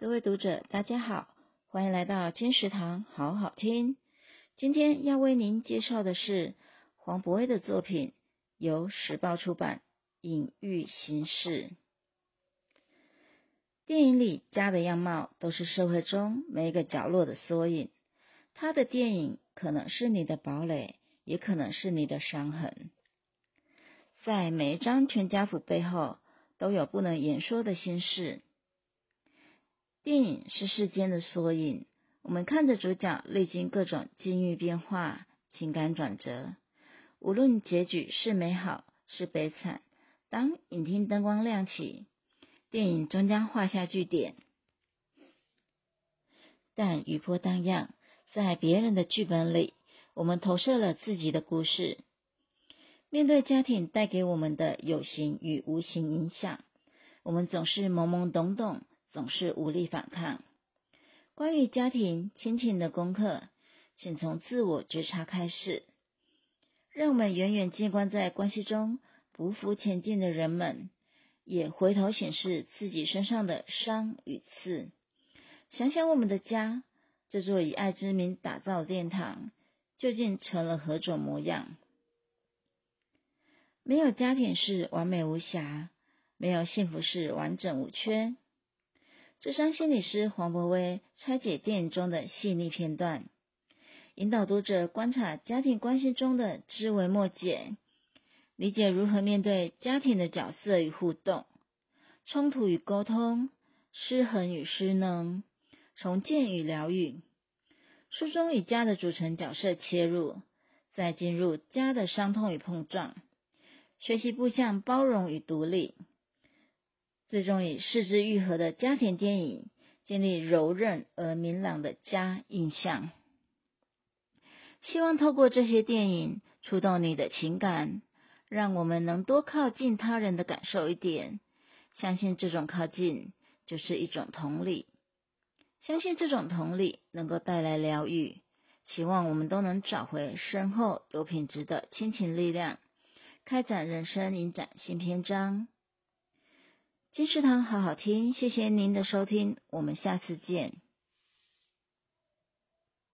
各位讀者，大家好，歡迎來到金石堂好好聽。今天要為您介紹的是黃柏威的作品，由時報出版。影癒心事，電影裡家的樣貌都是社會中每一個角落的縮影。他的電影可能是你的堡壘，也可能是你的傷痕。在每一張全家福背後，都有不能言說的心事。電影是世間的縮影，我們看着主角歷經各種境遇變化、情感轉折，無論結局是美好是悲慘，當影廳燈光亮起，電影終將畫下句點。但餘波蕩漾，在別人的劇本裡，我們投射了自己的故事。面對家庭帶給我們的有形與無形影響，我們總是懵懵懂懂。總是無力反抗。關於家庭親情的功課，請從自我覺察開始。讓我們遠遠靜觀在關係中匍匐前進的人們，也回頭審視自己身上的傷與刺。想想我們的家，這座以愛之名打造的殿堂，究竟成了何種模樣？沒有家庭是完美無瑕，沒有幸福是完整無缺。諮商心理師黃博威拆解電影中的細膩片段，引導讀者觀察家庭關係中的枝微末節，理解如何面對家庭的角色與互動、衝突與溝通、失衡與失能、重建與療癒。書中以家的組成角色切入，再進入家的傷痛與碰撞，學習步向包容與獨立。最終以四肢愈合的家庭電影，建立柔韌而明朗的家印象。希望透過這些電影，觸動你的情感，讓我們能多靠近他人的感受一點。相信這種靠近就是一種同理，相信這種同理能夠帶來療癒。希望我們都能找回深厚有品質的親情力量，開展人生影展新篇章。金石堂好好聽，謝謝您的收聽，我們下次見。